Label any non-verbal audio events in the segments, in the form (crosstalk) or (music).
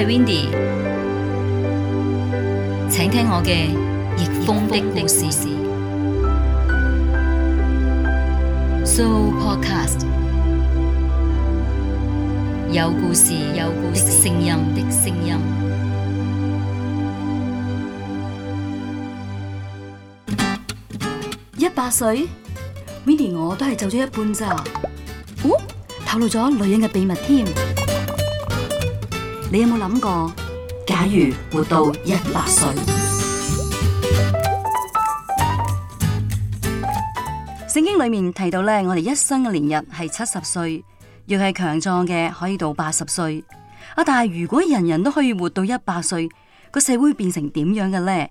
係 Windy，請聽我嘅逆風的故事。So podcast 有故事，有聲音的聲音。一百歲，Windy 我都係做咗一半咋？哦，透露咗女人嘅秘密添。你有冇諗過，假如活到一百歲？聖經裏面提到咧，我哋一生嘅年日係七十歲，要係強壯嘅可以到八十歲。啊，但係如果人人都可以活到一百歲，個社會，會變成點樣嘅呢？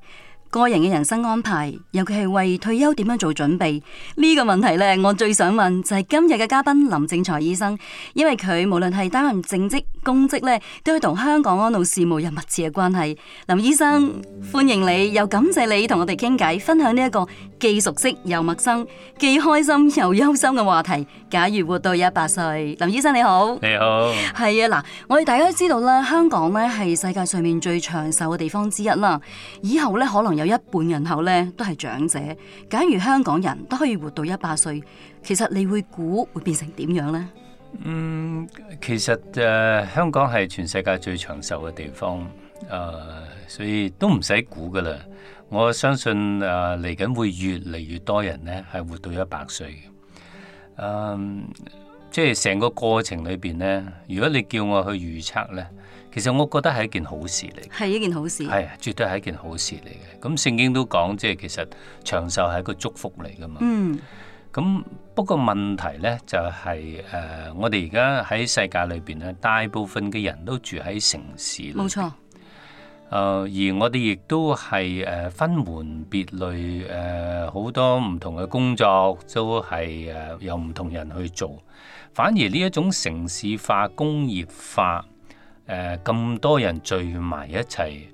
個人嘅人生安排，尤其係為退休點樣做準備呢，這個問題咧，我最想問就係、是、今日嘅嘉賓林正財醫生，因為佢無論係擔任正職。公職咧都係同香港安老事務有密切嘅關係。林醫生，嗯，歡迎你又感謝你同我哋傾偈，分享呢一個既熟悉又陌生、既開心又憂心嘅話題。假如活到一百歲，林醫生你好。你好，係啊嗱，我哋大家都知道啦，香港咧係世界上面最長壽嘅地方之一啦。以後咧可能有一半人口咧都係長者。假如香港人都可以活到一百歲，其實你會估會變成點樣呢？嗯，其實誒、呃，香港係全世界最長壽嘅地方，誒、呃，所以都唔使估噶啦。我相信誒，呃、嚟緊會越嚟越多人咧係活到一百歲嘅。呃。即係成個過程裏邊咧，如果你叫我去預測咧，其實我覺得係一件好事嚟。係一件好事，係、哎、絕對係一件好事嚟嘅。咁聖經都講，即係其實長壽係一個祝福嚟噶嘛。嗯。咁不過問題呢，就係、是、誒、呃，我哋而家喺世界裏邊呢，大部分嘅人都住喺城市裏邊，冇錯、呃。而我哋亦都係誒分門別類誒，好、呃、多唔同嘅工作都係誒由唔同人去做。反而呢一種城市化、工業化，咁、呃、多人聚埋一齊，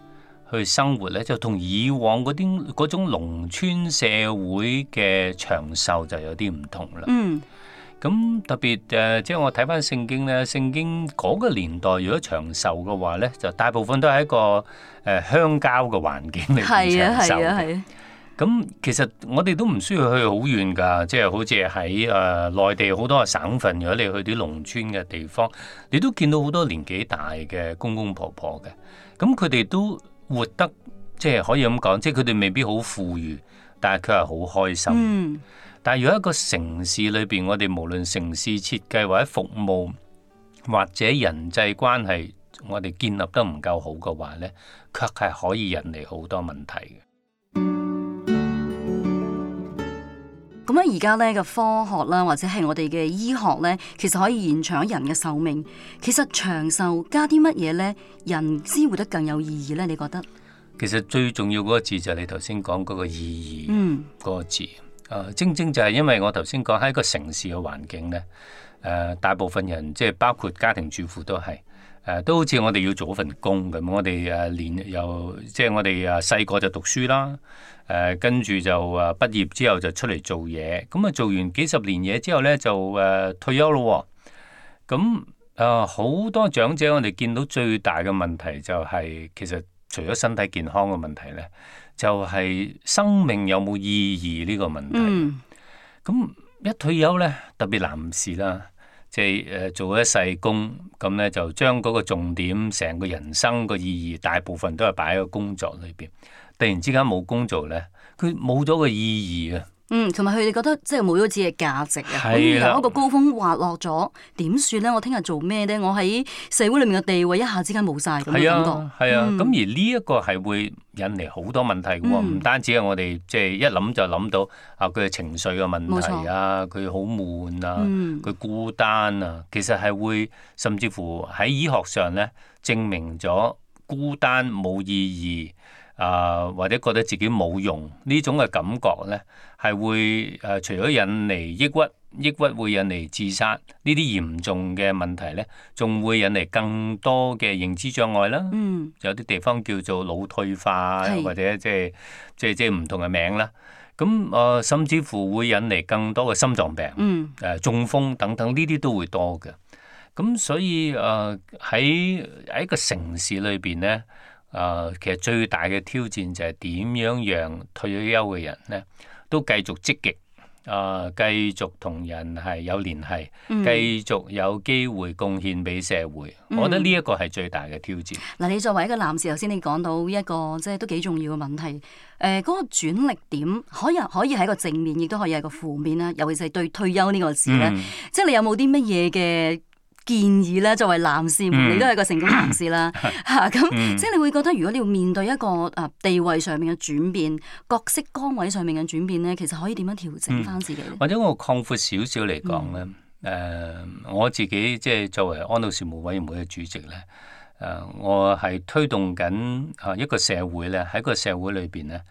去生活咧就同以往嗰啲嗰種農村社會嘅長壽就有啲唔同啦。嗯，咁特別誒、呃，即係我睇翻聖經咧，聖經嗰個年代如果長壽嘅話咧，就大部分都係一個誒、呃、鄉郊嘅環境嚟長壽嘅。咁、係啊係啊係啊、其實我哋都唔需要去、就是、好遠㗎，即係好似喺誒內地好多省份，如果你去啲農村嘅地方，你都見到好多年紀大嘅公公婆婆嘅，咁佢哋都。活得即係可以咁講，即係佢哋未必好富裕，但係佢係好開心。嗯、但係如果一個城市裏邊，我哋無論城市設計或者服務或者人際關係，我哋建立得唔夠好嘅話咧，卻係可以引嚟好多問題嘅。咁樣而家咧嘅科學啦，或者係我哋嘅醫學咧，其實可以延長人嘅壽命。其實長壽加啲乜嘢咧？人生活得更有意義咧？你覺得？其實最重要嗰個字就係你頭先講嗰個意義，嗯，嗰個字。誒，正正就係因為我頭先講喺一個城市嘅環境咧，誒、呃，大部分人即係包括家庭主婦都係。誒都好似我哋要做一份工咁，我哋誒年又即係我哋誒細個就讀書啦，誒跟住就誒畢業之後就出嚟做嘢，咁、嗯、啊做完幾十年嘢之後咧就誒、呃、退休咯、哦。咁啊好多長者，我哋見到最大嘅問題就係、是、其實除咗身體健康嘅問題咧，就係、是、生命有冇意義呢個問題。咁、嗯嗯、一退休咧，特別男士啦。即係誒、呃、做一世工，咁呢就將嗰個重點，成個人生個意義，大部分都係擺喺個工作裏邊。突然之間冇工做呢，佢冇咗個意義啊！嗯，同埋佢哋覺得即係冇咗自己嘅價值啊，好似由一個高峰滑落咗，點算咧？我聽日做咩咧？我喺社會裏面嘅地位一下之間冇晒。咁嘅感覺。係啊，係啊，咁、嗯、而呢一個係會引嚟好多問題嘅喎，唔單止係我哋即係一諗就諗到啊，佢、呃、嘅情緒嘅問題啊，佢好冇錯悶啊，佢孤單啊，嗯、其實係會甚至乎喺醫學上咧證明咗孤單冇意義啊，或者覺得自己冇用呢種嘅感覺咧。係會誒、呃，除咗引嚟抑鬱，抑鬱會引嚟自殺呢啲嚴重嘅問題咧，仲會引嚟更多嘅認知障礙啦。嗯，有啲地方叫做腦退化，是或者即係即係即係唔同嘅名啦。咁誒、呃，甚至乎會引嚟更多嘅心臟病，誒、嗯呃、中風等等，呢啲都會多嘅。咁所以誒喺喺一個城市裏邊咧，誒、呃、其實最大嘅挑戰就係點樣讓退咗休嘅人咧，都繼續積極，啊、呃，繼續同人係有聯繫，嗯、繼續有機會貢獻俾社會。嗯、我覺得呢一個係最大嘅挑戰。嗱、嗯，你作為一個男士，頭先你講到一個即係都幾重要嘅問題，誒、呃，嗰、那個轉捩點可以可以係一個正面，亦都可以係個負面啦。尤其是對退休呢個字咧，嗯、即係你有冇啲乜嘢嘅？建議咧，作為男士你都係個成功男士啦，嚇咁、嗯，啊嗯、即係你會覺得，如果你要面對一個啊地位上面嘅轉變、角色崗位上面嘅轉變咧，其實可以點樣調整翻自己、嗯？或者我擴闊少少嚟講咧，誒、嗯呃，我自己即係作為安老事務委員會嘅主席咧，誒、呃，我係推動緊啊一個社會咧，喺、呃、個社會裏邊咧，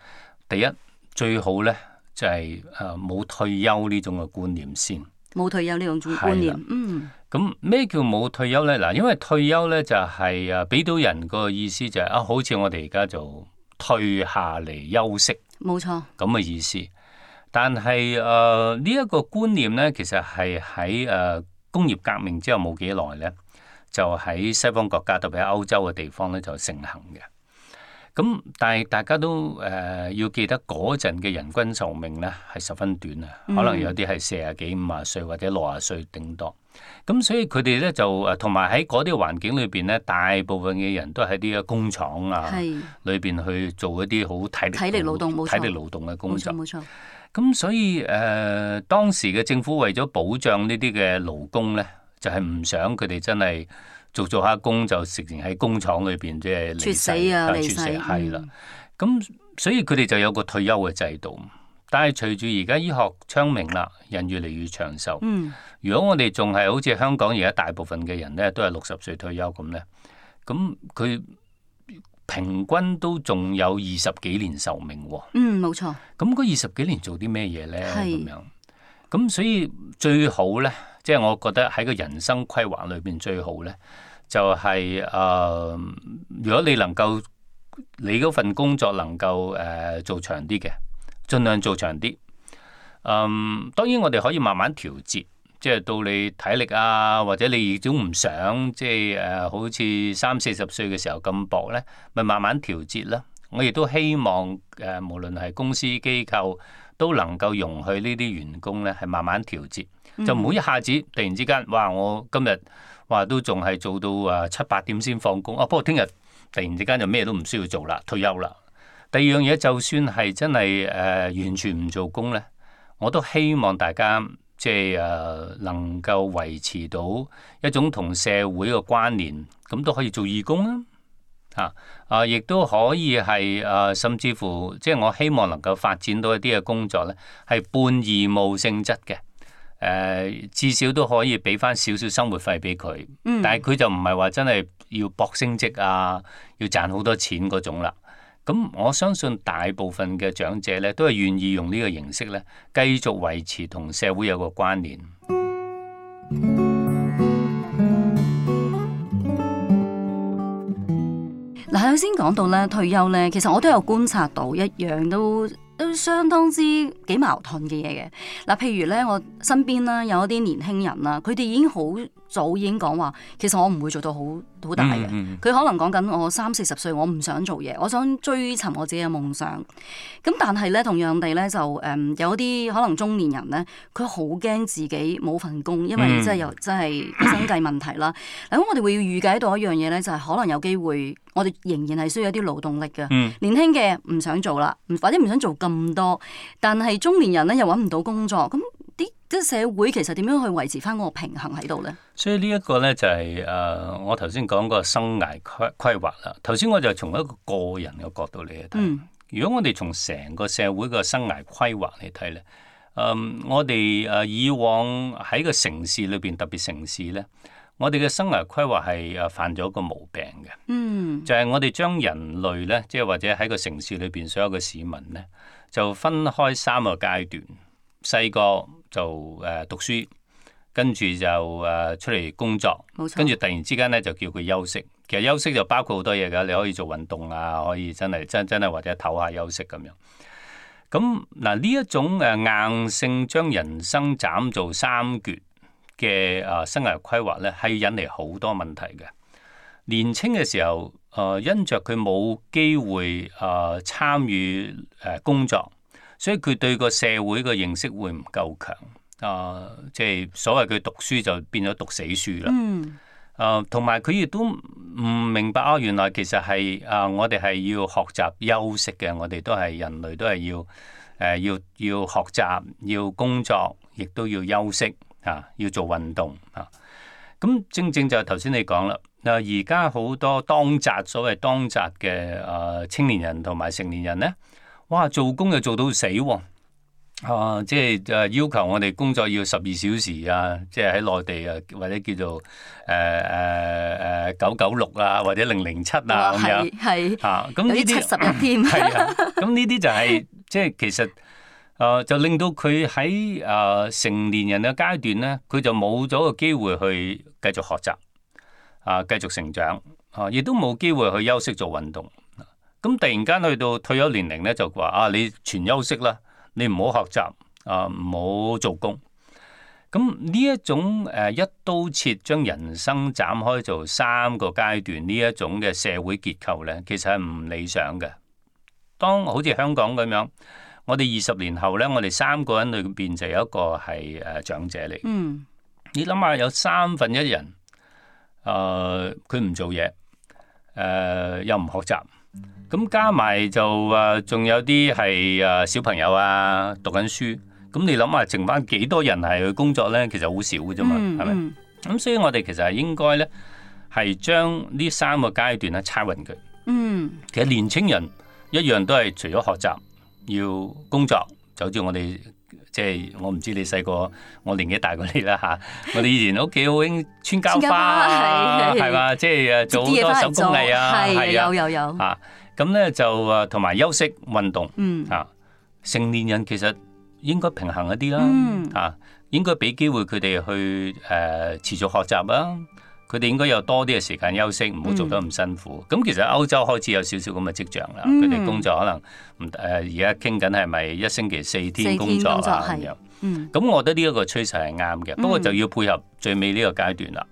第一最好咧就係誒冇退休呢種嘅觀念先。冇退，退休呢呢種觀念，嗯，咁咩叫冇退休呢？嗱，因為退休呢，就係啊，俾到人個意思就係、是、啊，好似我哋而家就退下嚟休息，冇錯錯，咁嘅意思。但係誒呢一個觀念呢，其實係喺誒工業革命之後冇幾耐呢，就喺西方國家，特別喺歐洲嘅地方呢，就盛行嘅。咁但係大家都誒、呃、要記得嗰陣嘅人均壽命呢係十分短啊，嗯、可能有啲係四啊幾五啊歲或者六啊歲頂多。咁所以佢哋呢，就誒同埋喺嗰啲環境裏邊呢，大部分嘅人都喺啲工廠啊裏邊是去做一啲好體力體力勞動、體力勞動嘅工作。咁所以誒、呃、當時嘅政府為咗保障呢啲嘅勞工呢，就係、是、唔想佢哋真係，做做下工就直情喺工廠裏邊即係離世，係啦、啊。咁所以佢哋就有個退休嘅制度。但係隨住而家醫學昌明啦，人越嚟越長壽。嗯、如果我哋仲係好似香港而家大部分嘅人咧，都係六十歲退休咁咧，咁佢平均都仲有二十幾年壽命、啊。嗯，冇錯。咁嗰二十幾年做啲咩嘢咧？咁是樣。咁所以最好咧。即係我覺得喺個人生規劃裏面最好呢，就係、是、誒、呃，如果你能夠你嗰份工作能夠誒、呃、做長啲嘅，盡量做長啲。嗯、呃，當然我哋可以慢慢調節，即係到你體力啊，或者你亦都唔想即係誒、呃，好似三四十歲嘅時候咁搏呢，咪慢慢調節啦。我亦都希望誒、呃，無論係公司機構，都能夠容許呢啲員工呢，係慢慢調節。就唔好一下子突然之間，哇！我今日話都仲係做到啊七八點先放工啊。不過聽日突然之間就咩都唔需要做啦，退休啦。第二樣嘢，就算係真係誒、呃、完全唔做工呢，我都希望大家即係誒、呃、能夠維持到一種同社會嘅關聯，咁都可以做義工啦。啊亦都、呃、可以係啊、呃，甚至乎即係我希望能夠發展到一啲嘅工作呢，係半義務性質嘅。誒，至少都可以俾翻少少生活費俾佢，但係佢就唔係話真係要搏升職啊，要賺好多錢嗰種啦。咁、嗯嗯、我相信大部分嘅長者咧，都係願意用呢個形式咧，繼續維持同社會有個關聯。嗱、嗯，頭先講到咧，退休咧，其實我都有觀察到一樣都。都相當之幾矛盾嘅嘢嘅，嗱，譬如咧，我身邊啦，有一啲年輕人啦，佢哋已經好早已經講話，其實我唔會做到好好大嘅，佢、嗯嗯嗯、可能講緊我三四十歲，我唔想做嘢，我想追尋我自己嘅夢想。咁但係咧，同樣地咧，就誒、嗯、有一啲可能中年人咧，佢好驚自己冇份工，因為即係又真係生計問題啦。咁、嗯嗯、我哋會要預計到一樣嘢咧，就係、是、可能有機會。我哋仍然係需要一啲勞動力嘅，嗯、年輕嘅唔想做啦，或者唔想做咁多，但係中年人咧又搵唔到工作，咁啲即係社會其實點樣去維持翻個平衡喺度咧？所以呢一個咧就係、是、誒、呃，我頭先講個生涯規規劃啦。頭先我就從一個個人嘅角度嚟睇，嗯、如果我哋從成個社會嘅生涯規劃嚟睇咧，誒、呃，我哋誒以往喺個城市裏邊，特別城市咧。我哋嘅生涯規劃係誒犯咗一個毛病嘅，就係我哋將人類咧，即係或者喺個城市裏邊所有嘅市民咧，就分開三個階段，細個就誒讀書，跟住就誒出嚟工作，跟住突然之間咧就叫佢休息。其實休息就包括好多嘢噶，你可以做運動啊，可以真係真真係或者唞下休息咁樣。咁嗱呢一種誒硬性將人生斬做三橛，嘅啊，生涯規劃咧，係要引嚟好多問題嘅。年青嘅時候，誒、呃、因着佢冇機會誒、呃、參與誒、呃、工作，所以佢對個社會嘅認識會唔夠強。誒、呃，即、就、係、是、所謂佢讀書就變咗讀死書啦。誒、嗯，同埋佢亦都唔明白啊，原來其實係誒、呃，我哋係要學習休息嘅。我哋都係人類都，都係要誒，要要學習，要工作，亦都要休息。啊，要做運動啊！咁正正就係頭先你講啦。嗱、啊，而家好多當值所謂當值嘅誒青年人同埋成年人咧，哇！做工又做到死喎、啊！啊，即係誒要求我哋工作要十二小時啊！即係喺內地啊，或者叫做誒誒誒九九六啊，或者零零七啊咁樣，係嚇咁啲七十一添、嗯。咁呢啲就係即係其實。誒、呃，就令到佢喺誒成年人嘅階段咧，佢就冇咗個機會去繼續學習，啊、呃，繼續成長，啊、呃，亦都冇機會去休息做運動。咁、啊、突然間去到退休年齡咧，就話啊，你全休息啦，你唔好學習，啊，唔好做工。咁呢一種誒一刀切將人生斬開做三個階段呢一種嘅社會結構咧，其實係唔理想嘅。當好似香港咁樣。我哋二十年後呢，我哋三個人裏邊就有一個係誒長者嚟。嗯、你諗下，有三分一人，誒佢唔做嘢，誒、呃、又唔學習，咁加埋就話仲、呃、有啲係誒小朋友啊讀緊書，咁你諗下，剩翻幾多人係去工作呢？其實好少嘅啫嘛，係咪？咁所以我哋其實係應該呢，係將呢三個階段咧拆勻佢。嗯嗯、其實年青人一樣都係除咗學習。要工作，就好似我哋即係我唔知你細個，我年紀大過你啦吓、啊。我哋以前屋企好興穿膠花，係嘛是是，即係誒做好多手工藝啊，係啊，啊有有有咁咧、啊、就誒同埋休息運動，啊，嗯、成年人其實應該平衡一啲啦，嗯、啊，應該俾機會佢哋去誒、呃、持續學習啦、啊。佢哋應該有多啲嘅時間休息，唔好做得咁辛苦。咁、嗯、其實歐洲開始有少少咁嘅跡象啦，佢哋、嗯、工作可能唔誒而家傾緊係咪一星期四天工作啊咁樣。咁、嗯、我覺得呢一個趨勢係啱嘅，嗯、不過就要配合最尾呢個階段啦。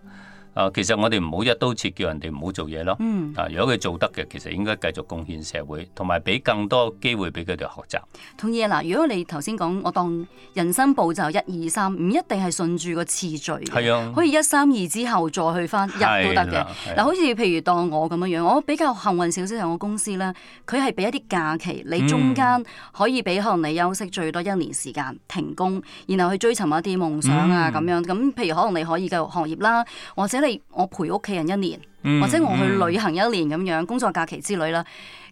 啊，其實我哋唔好一刀切叫人哋唔好做嘢咯。嗯，啊，如果佢做得嘅，其實應該繼續貢獻社會，同埋俾更多機會俾佢哋學習。同意啊，嗱，如果你頭先講我當人生步驟一二三，唔一定係順住個次序嘅，係啊，可以一三二之後再去翻入都得嘅。嗱、啊，好似、啊、譬如當我咁樣樣，我比較幸運少少，我公司咧，佢係俾一啲假期，你中間可以俾可能你休息最多一年時間停工，嗯、然後去追尋一啲夢想啊咁、嗯、樣。咁譬如可能你可以繼續學業啦，或者。即係我陪屋企人一年，或者我去旅行一年咁樣，工作假期之旅啦。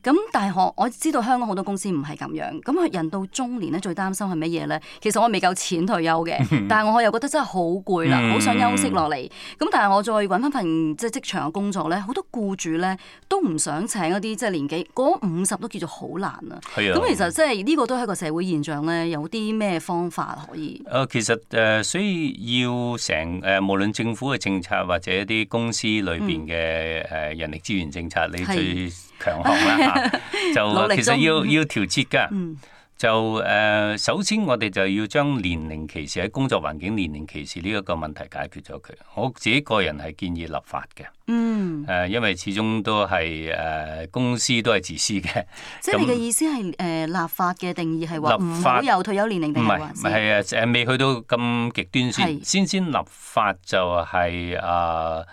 咁、嗯、大學我知道香港好多公司唔係咁樣，咁人到中年咧最擔心係乜嘢咧？其實我未夠錢退休嘅，但係我又覺得真係好攰啦，好、嗯、想休息落嚟。咁但係我再揾翻份即係職場嘅工作咧，好多僱主咧都唔想請一啲即係年紀過五十都叫做好難啊。咁的其實即係呢個都係一個社會現象咧，有啲咩方法可以？誒其實誒，所以要成誒，無論政府嘅政策或者一啲公司裏邊嘅誒人力資源政策，你最。強項啦，就其實要要調節㗎，就誒、呃、首先我哋就要將年齡歧視喺工作環境年齡歧視呢一個問題解決咗佢。我自己個人係建議立法嘅，嗯、呃，誒因為始終都係誒、呃、公司都係自私嘅。嗯、即係你嘅意思係誒、呃、立法嘅定義係話唔好有退休年齡，定話唔係係啊誒，未是去到咁極端先，的先先立法就係、是、誒、呃、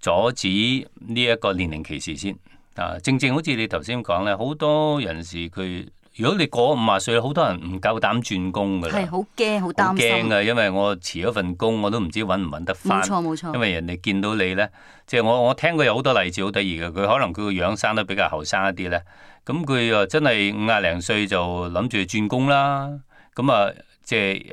阻止呢一個年齡歧視先。啊，正正好似你頭先講咧，好多人士佢如果你過五十歲，好多人唔夠膽轉工噶。係好驚，好擔心。驚嘅，因為我辭咗份工，我都唔知揾唔揾得翻。冇錯，冇錯。因為人哋見到你咧，即係我我聽過有好多例子，好得意嘅。佢可能佢個樣生得比較後生一啲咧，咁佢又真係五廿零歲就諗住轉工啦。咁啊，即係誒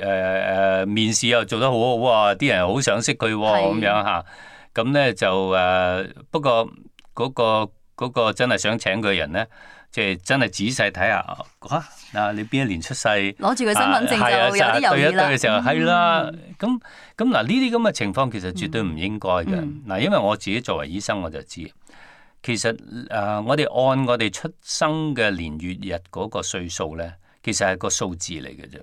誒面試又做得好好啊，啲人好想識佢咁樣吓，咁咧就誒，不過嗰個。嗰個真係想請佢人呢，即、就、係、是、真係仔細睇下嚇嗱、啊啊，你邊一年出世？攞住佢身份證就有啲有猶豫啦。啊、對一對嘅時候係啦，咁咁嗱呢啲咁嘅情況其實絕對唔應該嘅。嗱、嗯，嗯、因為我自己作為醫生我就知，其實誒、呃、我哋按我哋出生嘅年月日嗰個歲數呢，其實係個數字嚟嘅啫。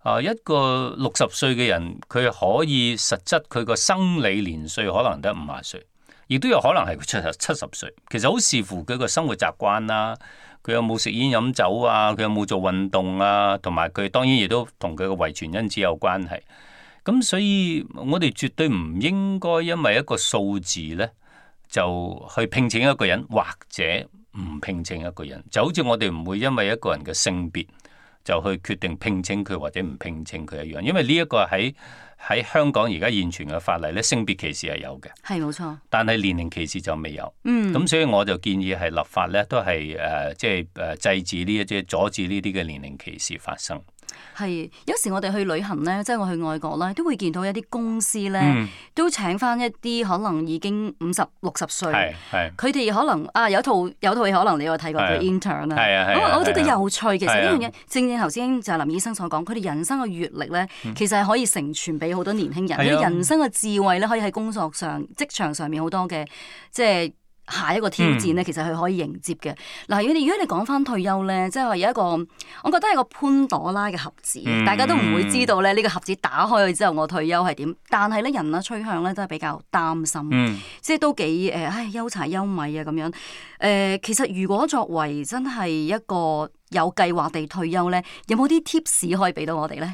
啊、呃，一個六十歲嘅人，佢可以實質佢個生理年歲可能得五廿歲。亦都有可能係佢七十七十歲，其實好視乎佢個生活習慣啦、啊，佢有冇食煙飲酒啊，佢有冇做運動啊，同埋佢當然亦都同佢個遺傳因子有關係。咁所以，我哋絕對唔應該因為一個數字呢，就去聘請一個人或者唔聘請一個人，就好似我哋唔會因為一個人嘅性別就去決定聘請佢或者唔聘請佢一樣，因為呢一個喺。喺香港而家現存嘅法例咧，性別歧視係有嘅，係冇錯。但係年齡歧視就未有，嗯，咁所以我就建議係立法咧，都係誒，即係誒制止呢一啲，即係阻止呢啲嘅年齡歧視發生。係，有時我哋去旅行咧，即係我去外國咧，都會見到一啲公司咧，嗯、都請返一啲可能已經五十六十歲，佢哋可能啊有套有套可能你有睇過佢 Intern 啦。我覺得佢有，有趣，其實呢樣嘢正正頭先就係林醫生所講，佢哋人生嘅閲歷咧，其實係可以承傳俾好多年輕人，佢哋、啊、人生嘅智慧咧，可以喺工作上、職場上面好多嘅即係。下一個挑戰咧，其實係可以迎接嘅。嗱、嗯，如果如果你講翻退休咧，即、就、係、是、有一個，我覺得係個潘朵拉嘅盒子，嗯、大家都唔會知道咧呢個盒子打開去之後，我退休係點。但係咧，人嘅趨向咧都係比較擔心，嗯、即係都幾誒，唉，憂柴憂米啊咁樣。誒、呃，其實如果作為真係一個有計劃地退休咧，有冇啲 tips 可以俾到我哋咧？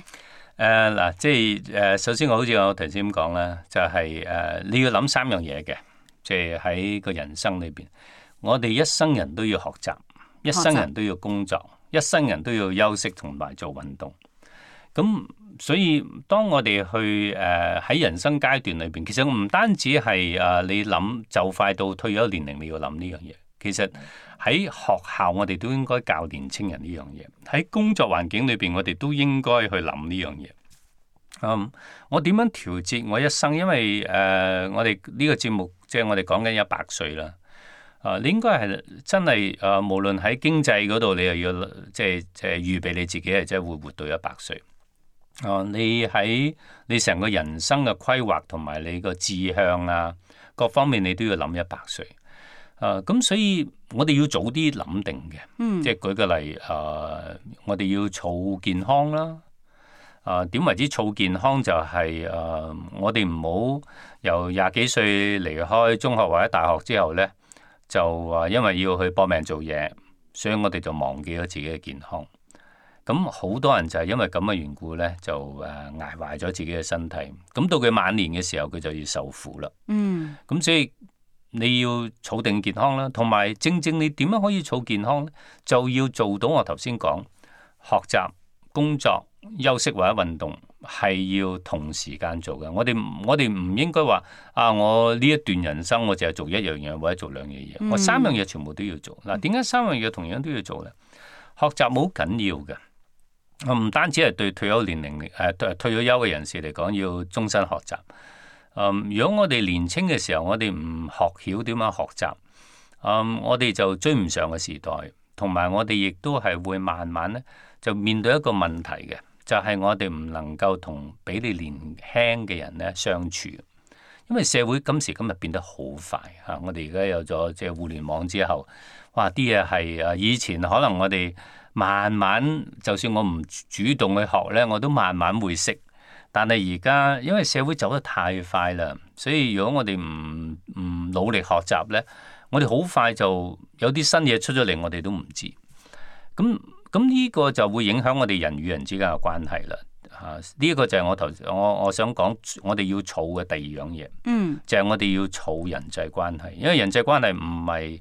誒，嗱，即係誒、呃，首先我好似我頭先咁講啦，就係、是、誒、呃，你要諗三樣嘢嘅。即係喺個人生裏邊，我哋一生人都要學習，學習一生人都要工作，一生人都要休息同埋做運動。咁所以，當我哋去誒喺、呃、人生階段裏邊，其實唔單止係啊、呃，你諗就快到退休年齡，你要諗呢樣嘢。其實喺學校，我哋都應該教年青人呢樣嘢；喺工作環境裏邊，我哋都應該去諗呢樣嘢。嗯，我點樣調節我一生？因為誒、呃，我哋呢個節目。即係我哋講緊一百歲啦，啊，你應該係真係啊，無論喺經濟嗰度，你又要即係預備你自己係即係會活到一百歲啊。你喺你成個人生嘅規劃同埋你個志向啊，各方面你都要諗一百歲啊。咁所以我哋要早啲諗定嘅，嗯，即係舉個例啊，我哋要儲健康啦。啊，點為之儲健康就係、是、誒、呃，我哋唔好由廿幾歲離開中學或者大學之後呢，就話、呃、因為要去搏命做嘢，所以我哋就忘記咗自己嘅健康。咁、嗯、好、嗯、多人就係因為咁嘅緣故呢，就誒捱、呃、壞咗自己嘅身體。咁到佢晚年嘅時候，佢就要受苦啦。嗯。咁所以你要儲定健康啦，同埋正正你點樣可以儲健康呢？就要做到我頭先講學習工作。休息或者運動係要同時間做嘅。我哋我哋唔應該話啊！我呢一段人生我淨係做一樣嘢或者做兩樣嘢，嗯、我三樣嘢全部都要做。嗱、啊，點解三樣嘢同樣都要做呢？學習冇緊要嘅，我唔單止係對退休年齡誒、呃、退退咗休嘅人士嚟講要終身學習、嗯。如果我哋年青嘅時候我哋唔學曉點樣學習、嗯，我哋就追唔上個時代，同埋我哋亦都係會慢慢呢，就面對一個問題嘅。就係我哋唔能夠同比你年輕嘅人咧相處，因為社會今時今日變得好快嚇。我哋而家有咗即係互聯網之後，哇！啲嘢係啊，以前可能我哋慢慢，就算我唔主動去學咧，我都慢慢會識。但係而家因為社會走得太快啦，所以如果我哋唔唔努力學習咧，我哋好快就有啲新嘢出咗嚟，我哋都唔知。咁。咁呢個就會影響我哋人與人之間嘅關係啦。嚇，呢一個就係我頭我我想講，我哋要儲嘅第二樣嘢，嗯，就係我哋要儲人際關係。因為人際關係唔係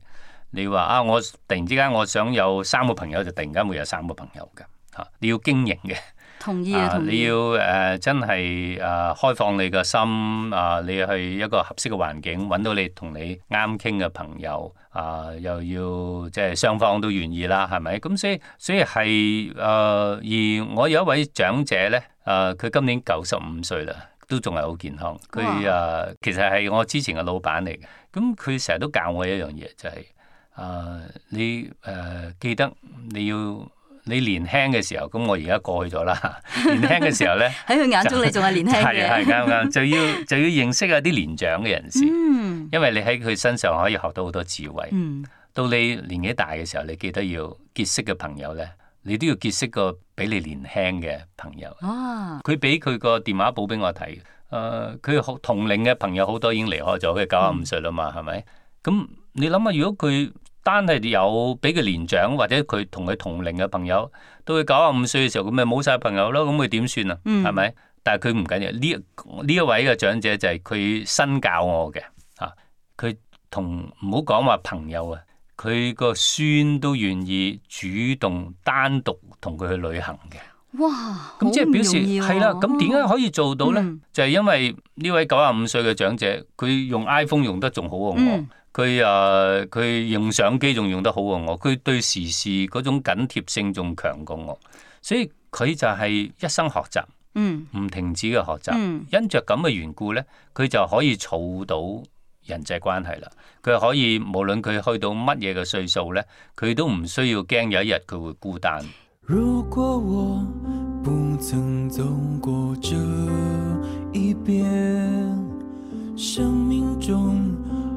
你話啊，我突然之間我想有三個朋友，就突然間會有三個朋友嘅嚇，你要經營嘅。同意啊！你要誒、呃、真係誒、呃、開放你嘅心啊、呃，你去一個合適嘅環境揾到你同你啱傾嘅朋友啊、呃，又要即係、就是、雙方都願意啦，係咪？咁所以所以係誒、呃，而我有一位長者咧，誒、呃、佢今年九十五歲啦，都仲係好健康。佢啊哇、呃，其實係我之前嘅老闆嚟嘅。咁佢成日都教我一樣嘢，就係、是、誒、呃、你誒、呃、記得你要。你年輕嘅時候，咁我而家過去咗啦。年輕嘅時候呢，喺佢 (laughs) 眼中你仲係年輕嘅。係啱啱？ (laughs) 就要就要認識下啲年長嘅人士。因為你喺佢身上可以學到好多智慧。到你年紀大嘅時候，你記得要結識嘅朋友呢，你都要結識個比你年輕嘅朋友。佢俾佢個電話簿俾我睇。誒、呃，佢同齡嘅朋友好多已經離開咗，佢九十五歲啦嘛，係咪？咁你諗下，如果佢？單係有俾個年長或者佢同佢同齡嘅朋友，到佢九啊五歲嘅時候，咁咪冇晒朋友咯，咁佢點算啊？係咪、嗯？但係佢唔緊要，呢呢一位嘅長者就係佢新教我嘅嚇，佢同唔好講話朋友啊，佢個孫都願意主動單獨同佢去旅行嘅。哇！咁即係表示係啦，咁點解可以做到呢？嗯、就係因為呢位九啊五歲嘅長者，佢用 iPhone 用得仲好過我。嗯。佢啊，佢用相機仲用得好過我，佢對時事嗰種緊貼性仲強過我，所以佢就係一生學習，嗯、唔停止嘅學習。嗯、因着咁嘅緣故呢，佢就可以儲到人際關係啦。佢可以無論佢去到乜嘢嘅歲數呢，佢都唔需要驚有一日佢會孤單。如果我不曾走過這一遍生命中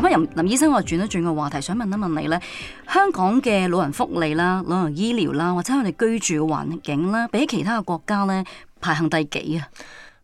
林醫生，我轉一轉個話題，想問一問你咧，香港嘅老人福利啦、老人醫療啦，或者我哋居住嘅環境啦，比其他嘅國家咧，排行第幾啊？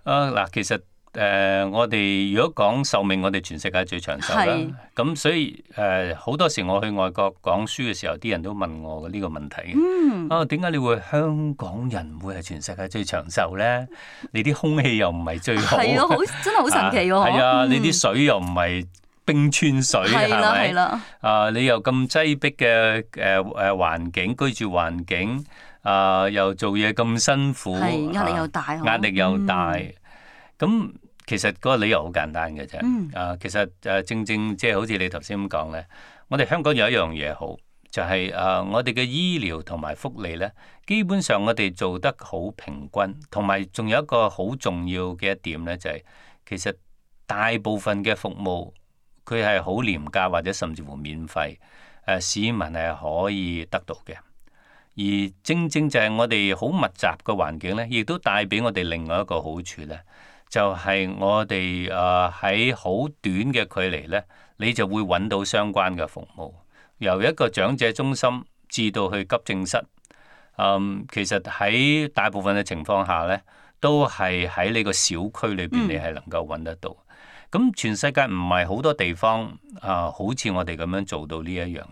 啊，嗱，其實誒、呃，我哋如果講壽命，我哋全世界最長壽啦。咁是所以誒，好、呃、多時我去外國講書嘅時候，啲人都問我呢個問題。嗯。啊，點解你會香港人會係全世界最長壽咧？你啲空氣又唔係最好，係啊，好真係好神奇喎。係啊，你啲水又唔係、嗯。冰川水係啦，係啦。啊，你又咁擠迫嘅誒誒環境，居住環境啊，又做嘢咁辛苦，係壓力又大，壓力又大。咁其實嗰個理由好簡單嘅啫。嗯、啊，其實誒正正即係好似你頭先咁講咧，我哋香港有一樣嘢好，就係、是、啊、呃，我哋嘅醫療同埋福利咧，基本上我哋做得好平均，同埋仲有一個好重要嘅一點咧，就係其實大部分嘅服務。佢係好廉價或者甚至乎免費，呃、市民係可以得到嘅。而正正就係我哋好密集嘅環境呢，亦都帶俾我哋另外一個好處呢，就係、是、我哋誒喺好短嘅距離呢，你就會揾到相關嘅服務。由一個長者中心至到去急症室，呃、其實喺大部分嘅情況下呢，都係喺你個小區裏邊，你係能夠揾得到、嗯。咁全世界唔係好多地方啊，好似我哋咁樣做到呢一樣。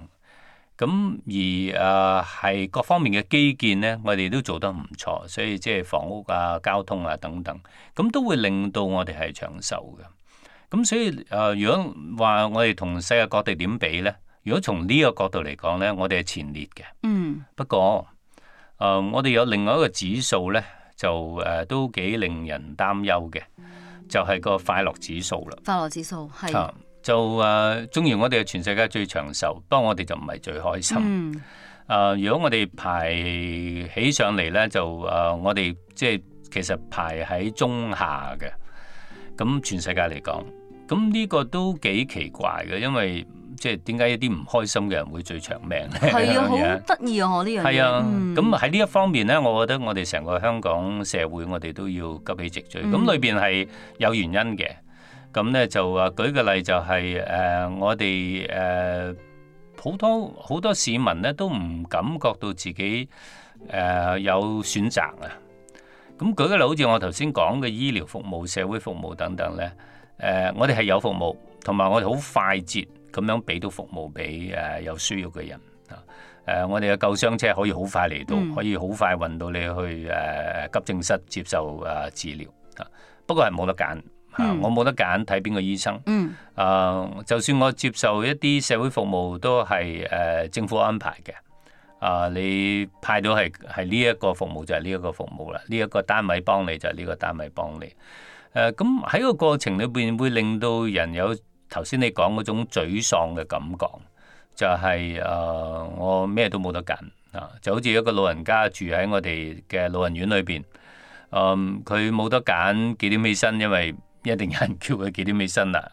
咁而啊，係、啊、各方面嘅基建呢，我哋都做得唔錯，所以即係房屋啊、交通啊等等，咁、啊、都會令到我哋係長壽嘅。咁、啊、所以啊，如果話我哋同世界各地點比呢？如果從呢個角度嚟講呢，我哋係前列嘅。嗯。不過，誒、啊，我哋有另外一個指數呢，就誒、啊、都幾令人擔憂嘅。就係個快樂指數啦，快樂指數係。Uh, 就誒，中、uh, 原我哋係全世界最長壽，不過我哋就唔係最開心。誒、嗯，uh, 如果我哋排起上嚟咧，就誒，uh, 我哋即係其實排喺中下嘅。咁全世界嚟講，咁呢個都幾奇怪嘅，因為。即係點解一啲唔開心嘅人會最長命咧？係啊的，好得意啊！呢樣嘢係啊，咁喺呢一方面咧，我覺得我哋成個香港社會，我哋都要急起直追。咁、嗯、裏邊係有原因嘅。咁咧就話舉個例，就是，就係誒，我哋誒，好多好多市民咧都唔感覺到自己誒、呃、有選擇啊。咁舉個例，好似我頭先講嘅醫療服務、社會服務等等咧，誒、呃，我哋係有服務，同埋我哋好快捷。咁樣俾到服務俾誒、呃、有需要嘅人啊！誒、啊，我哋嘅救傷車可以好快嚟到，嗯、可以好快運到你去誒、啊、急症室接受誒治療啊！不過係冇得揀嚇、啊，我冇得揀睇邊個醫生。嗯、啊。就算我接受一啲社會服務，都係誒、啊、政府安排嘅。啊，你派到係係呢一個服務就係呢一個服務啦，呢、呢、一個單位幫你就係呢個單位幫你。誒、啊，咁喺個過程裏邊會令到人有。頭先你講嗰種沮喪嘅感覺，就係、是、誒、呃、我咩都冇得揀啊，就好似一個老人家住喺我哋嘅老人院裏邊，嗯、佢冇得揀幾點起身，因為一定有人叫佢幾點起身啦，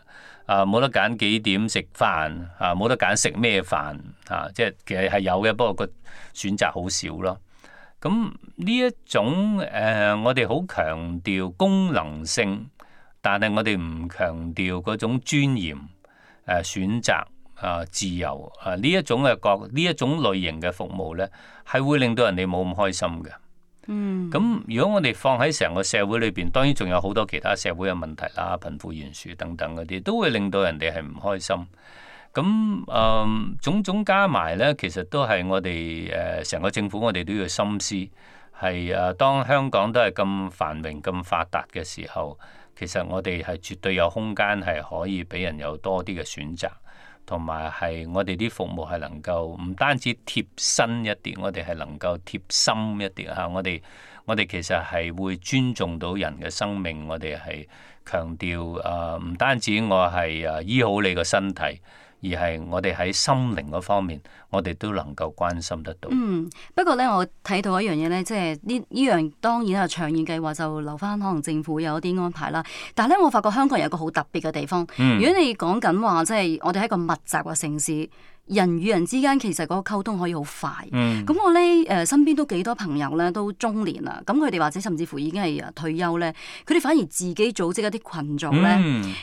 啊、冇得揀幾點食飯啊，冇得揀食咩飯啊，即係其實係有嘅，不過個選擇好少咯。咁、嗯、呢一種誒、呃，我哋好強調功能性。但係我哋唔強調嗰種尊嚴，誒、啊、選擇啊自由啊呢一種嘅角呢一種類型嘅服務呢係會令到人哋冇咁開心嘅。咁、嗯嗯、如果我哋放喺成個社會裏邊，當然仲有好多其他社會嘅問題啦，貧富懸殊等等嗰啲，都會令到人哋係唔開心。咁、嗯、誒、嗯、種種加埋呢，其實都係我哋誒成個政府，我哋都要深思係誒、啊，當香港都係咁繁榮咁發達嘅時候。其實我哋係絕對有空間係可以俾人有多啲嘅選擇，同埋係我哋啲服務係能夠唔單止貼身一啲，我哋係能夠貼心一啲嚇。我哋我哋其實係會尊重到人嘅生命，我哋係強調啊，唔單止我係啊醫好你個身體。而係我哋喺心靈嗰方面，我哋都能夠關心得到。嗯，不過咧，我睇到一樣嘢咧，即係呢呢樣當然係長遠計劃，就留翻可能政府有啲安排啦。但係咧，我發覺香港有一個好特別嘅地方。如果你講緊話，嗯、即係我哋係一個密集嘅城市。人與人之間其實嗰個溝通可以好快，咁、嗯、我呢，誒、呃、身邊都幾多朋友咧都中年啦，咁佢哋或者甚至乎已經係誒退休咧，佢哋反而自己組織一啲群組咧，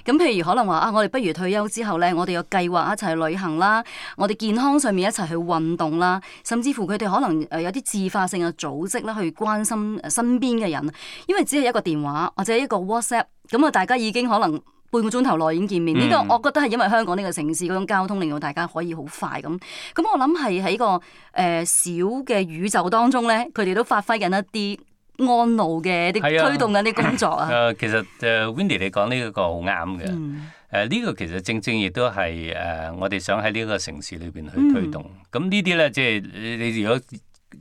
咁、嗯、譬如可能話啊，我哋不如退休之後咧，我哋有計劃一齊去旅行啦，我哋健康上面一齊去運動啦，甚至乎佢哋可能誒有啲自發性嘅組織咧去關心誒身邊嘅人，因為只係一個電話或者一個 WhatsApp，咁啊大家已經可能。半個鐘頭內已經見面，呢個、嗯、我覺得係因為香港呢個城市嗰種交通，令到大家可以好快咁。咁我諗係喺個誒、呃、小嘅宇宙當中咧，佢哋都發揮緊一啲安勞嘅啲推動緊啲工作啊。誒、 (laughs) 呃，其實誒、呃、Wendy 你講呢一個好啱嘅。誒、嗯，呢、呃這個其實正正亦都係誒，我哋想喺呢個城市裏邊去推動。咁、嗯、呢啲咧，即係你如果。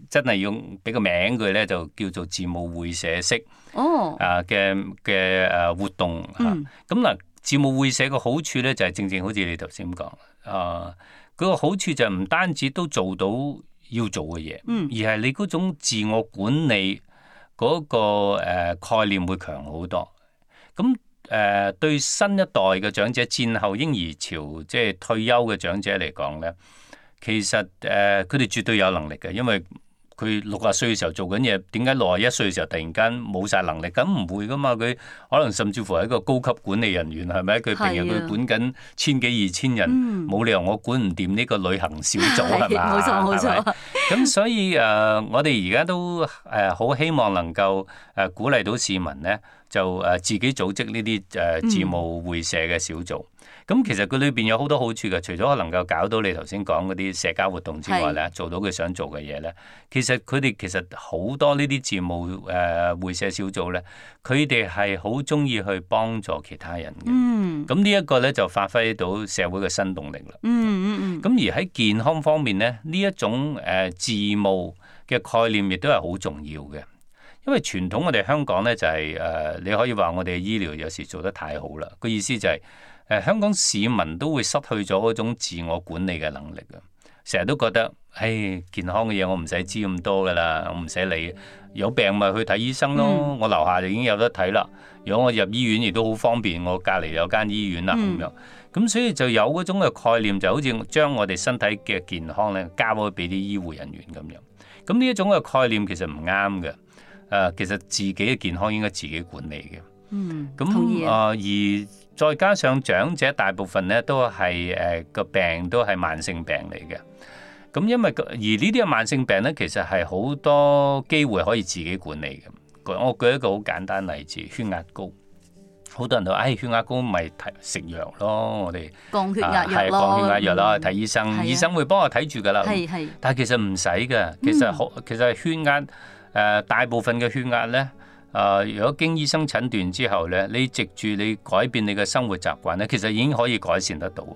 真係要俾個名佢咧，就叫做字母會寫式哦。啊嘅嘅誒活動嚇，咁嗱、oh. 啊，字母會寫個好處咧，就係、是、正正好似你頭先講啊，佢、那個好處就唔單止都做到要做嘅嘢，oh. 而係你嗰種自我管理嗰、那個、啊、概念會強好多。咁誒、啊、對新一代嘅長者戰後嬰兒潮，即、就、係、是、退休嘅長者嚟講咧，其實誒佢哋絕對有能力嘅，因為佢六十歲嘅時候做緊嘢，點解六十一歲嘅時候突然間冇晒能力？咁唔會噶嘛？佢可能甚至乎係一個高級管理人員，係咪？佢平日佢管緊千幾二千人，冇、啊嗯、理由我管唔掂呢個旅行小組係嘛？冇錯冇錯。咁吧錯所以誒、呃，我哋而家都誒好希望能夠誒鼓勵到市民咧，就誒自己組織呢啲誒志務會社嘅小組。咁其實佢裏邊有好多好處嘅，除咗能夠搞到你頭先講嗰啲社交活動之外咧，是做到佢想做嘅嘢咧，其實佢哋其實好多呢啲自務誒、呃、會社小組咧，佢哋係好中意去幫助其他人嘅。咁、嗯、呢一個咧就發揮到社會嘅新動力啦。咁而喺健康方面咧，呢一種誒、呃、自務嘅概念亦都係好重要嘅，因為傳統我哋香港咧就係、是、誒、呃、你可以話我哋嘅醫療有時做得太好啦，個意思就係、是。誒，香港市民都會失去咗嗰種自我管理嘅能力啊！成日都覺得，誒、哎，健康嘅嘢，我唔使知咁多噶啦，我唔使理。有病咪去睇醫生咯，嗯、我樓下就已經有得睇啦。如果我入醫院亦都好方便，我隔籬有間醫院啦咁樣。咁、嗯、所以就有嗰種嘅概念，就好似將我哋身體嘅健康咧交咗俾啲醫護人員咁樣。咁呢一種嘅概念其實唔啱嘅。誒、啊，其實自己嘅健康應該自己管理嘅。嗯，咁那意啊而。再加上長者大部分咧都係誒個病都係慢性病嚟嘅，咁、嗯、因為而呢啲嘅慢性病咧，其實係好多機會可以自己管理嘅。我舉一個好簡單例子，血壓高，好多人都誒、哎、血壓高咪食藥咯，我哋降血壓藥咯，啊、降血壓藥啦，睇、嗯、醫生，啊、醫生會幫我睇住噶啦。啊、係係但係其實唔使嘅，其實好、嗯、其實血壓誒、呃、大部分嘅血壓咧。啊、呃、如果經醫生診斷之後咧，你藉住你改變你嘅生活習慣咧，其實已經可以改善得到。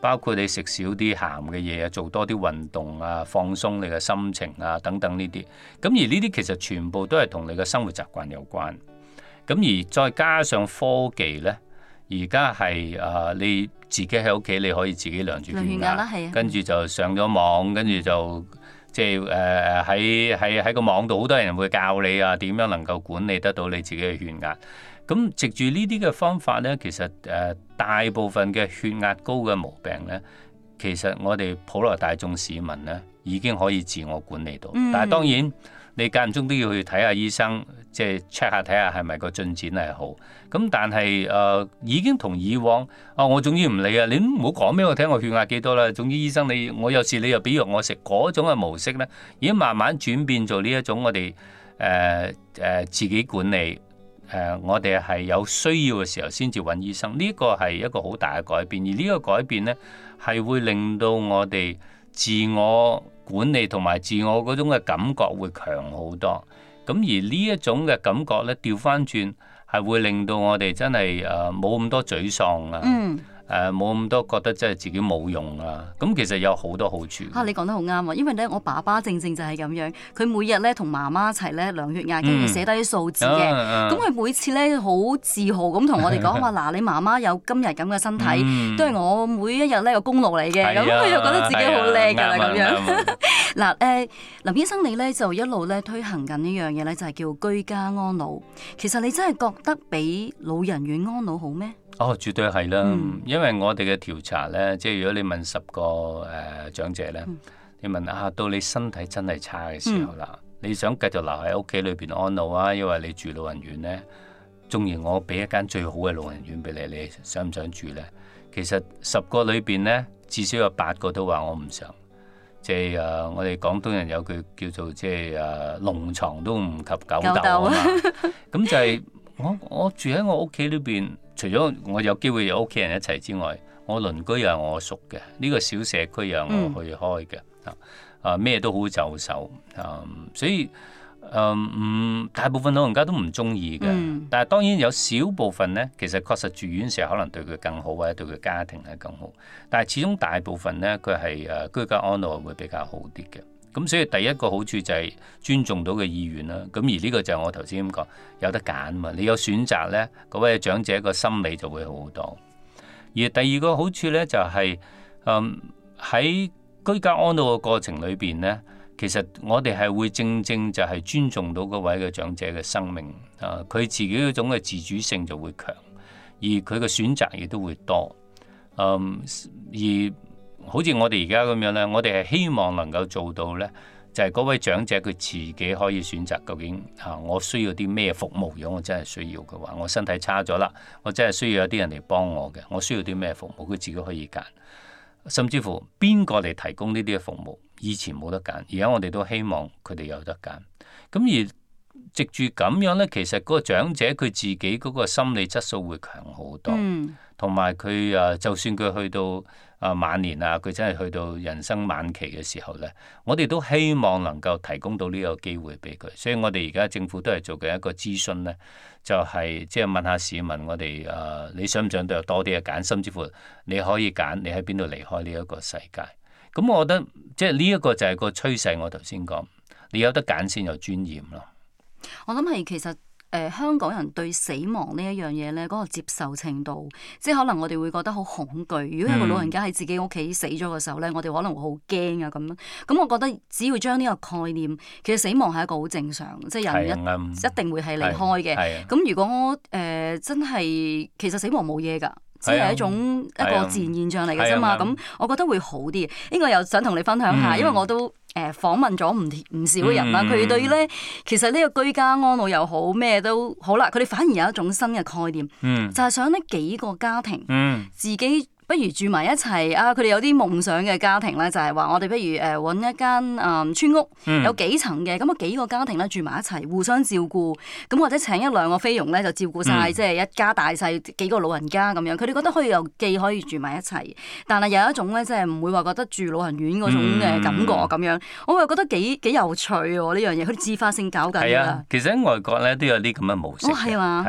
包括你食少啲鹹嘅嘢，做多啲運動啊，放鬆你嘅心情啊，等等呢啲。咁而呢啲其實全部都係同你嘅生活習慣有關。咁而再加上科技咧，而家係啊，你自己喺屋企你可以自己量住，跟住就上咗網，跟住就。即係誒喺喺喺個網度，好多人會教你啊，點樣能夠管理得到你自己嘅血壓。咁藉住呢啲嘅方法呢，其實誒、呃、大部分嘅血壓高嘅毛病呢，其實我哋普羅大眾市民呢已經可以自我管理到。嗯、但係當然。你間唔中都要去睇下醫生，即係 check 下睇下係咪個進展係好。咁但係誒、呃、已經同以往啊、哦，我總之唔理啊，你唔好講俾我聽，我血壓幾多啦。總之醫生你，我有時你又俾藥我食嗰種嘅模式呢，已經慢慢轉變做呢一種我哋誒誒自己管理。誒、呃、我哋係有需要嘅時候先至揾醫生，呢個係一個好大嘅改變。而呢個改變呢，係會令到我哋自我。管理同埋自我嗰種嘅感覺會強好多，咁而呢一種嘅感覺呢，調返轉係會令到我哋真係誒冇咁多沮喪啊。嗯誒冇咁多覺得，即係自己冇用啊！咁其實有好多好處。嚇、啊，你講得好啱喎，因為咧，我爸爸正正就係咁樣，佢每日咧同媽媽一齊咧量血壓緊，跟住、嗯、寫低啲數字嘅。咁佢、嗯嗯、每次咧好自豪咁同我哋講話，嗱、嗯、你媽媽有今日咁嘅身體，嗯、都係我每一日咧個功勞嚟嘅。咁佢又覺得自己好叻㗎啦，咁、啊、樣。嗱誒、嗯嗯嗯 (laughs) 啊，林醫生你咧就一路咧推行緊呢樣嘢咧，就係叫居家安老。其實你真係覺得比老人院安老好咩？哦，絕對係啦，嗯、因為我哋嘅調查呢，即係如果你問十個誒、呃、長者呢，嗯、你問啊，到你身體真係差嘅時候啦，嗯、你想繼續留喺屋企裏邊安老啊，抑或你住老人院呢，縱然我俾一間最好嘅老人院俾你，你想唔想住呢？其實十個裏邊呢，至少有八個都話我唔想。即係誒，我哋廣東人有句叫做即係誒，龍牀都唔及狗竇啊嘛。咁鬥、啊、 (laughs) 就係我我，我住喺我屋企裏邊。除咗我有機會有屋企人一齊之外，我鄰居又係我熟嘅，呢、這個小社區又係我去開嘅，嗯、啊咩都好就手，嗯、啊，所以、啊、嗯大部分老人家都唔中意嘅，嗯、但係當然有少部分呢，其實確實住院時可能對佢更好或者對佢家庭係更好，但係始終大部分呢，佢係誒居家安樂會比較好啲嘅。咁所以第一個好處就係尊重到嘅意願啦、啊，咁而呢個就係我頭先咁講有得揀嘛，你有選擇呢，嗰位長者嘅心理就會好好多。而第二個好處呢，就係、是，嗯喺居家安老嘅過程裏邊呢，其實我哋係會正正就係尊重到嗰位嘅長者嘅生命啊，佢自己嗰種嘅自主性就會強，而佢嘅選擇亦都會多，嗯、而。好似我哋而家咁樣咧，我哋係希望能夠做到咧，就係、是、嗰位長者佢自己可以選擇究竟嚇、啊、我需要啲咩服務。如果我真係需要嘅話，我身體差咗啦，我真係需要一啲人嚟幫我嘅。我需要啲咩服務，佢自己可以揀。甚至乎邊個嚟提供呢啲嘅服務，以前冇得揀，而家我哋都希望佢哋有得揀。咁而藉住咁樣呢，其實嗰個長者佢自己嗰個心理質素會強好多，同埋佢誒，就算佢去到啊晚年啊，佢真係去到人生晚期嘅時候呢，我哋都希望能夠提供到呢個機會俾佢，所以我哋而家政府都係做緊一個諮詢呢，就係即係問下市民我，我哋誒你想唔想都有多啲嘅揀，甚至乎你可以揀你喺邊度離開呢一個世界。咁我覺得即係呢一個就係個趨勢我。我頭先講你有得揀先有尊嚴咯。我諗係其實誒、呃，香港人對死亡一呢一樣嘢咧，嗰、那個接受程度，即係可能我哋會覺得好恐懼。如果有個老人家喺自己屋企死咗嘅時候咧，我哋可能會好驚啊咁咁、嗯、我覺得只要將呢個概念，其實死亡係一個好正常，即係人一的一定會係離開嘅。咁如果誒、呃、真係，其實死亡冇嘢㗎。只係一種一個自然現象嚟嘅啫嘛，咁 (noise) 我覺得會好啲。呢個又想同你分享下，嗯、因為我都誒、呃、訪問咗唔唔少嘅人啦，佢、嗯、對呢其實呢個居家安老又好咩都好啦，佢哋反而有一種新嘅概念，嗯、就係想呢幾個家庭自己、嗯。自己不如住埋一齊啊！佢哋有啲夢想嘅家庭咧，就係、是、話我哋不如誒揾、呃、一間誒、嗯、村屋，有幾層嘅咁啊幾個家庭咧住埋一齊，互相照顧。咁、嗯嗯嗯嗯嗯、或者請一兩個菲傭咧就照顧晒，即係一家大細幾個老人家咁樣。佢哋覺得可以又既可以住埋一齊，但係有一種咧即係唔會話覺得住老人院嗰種嘅感覺咁、嗯嗯嗯、樣。我又覺得幾幾有趣喎、啊、呢樣嘢，佢哋自發性搞緊。係啊、哦嗯，其實喺外國咧都有啲咁嘅模式嘅。係啊，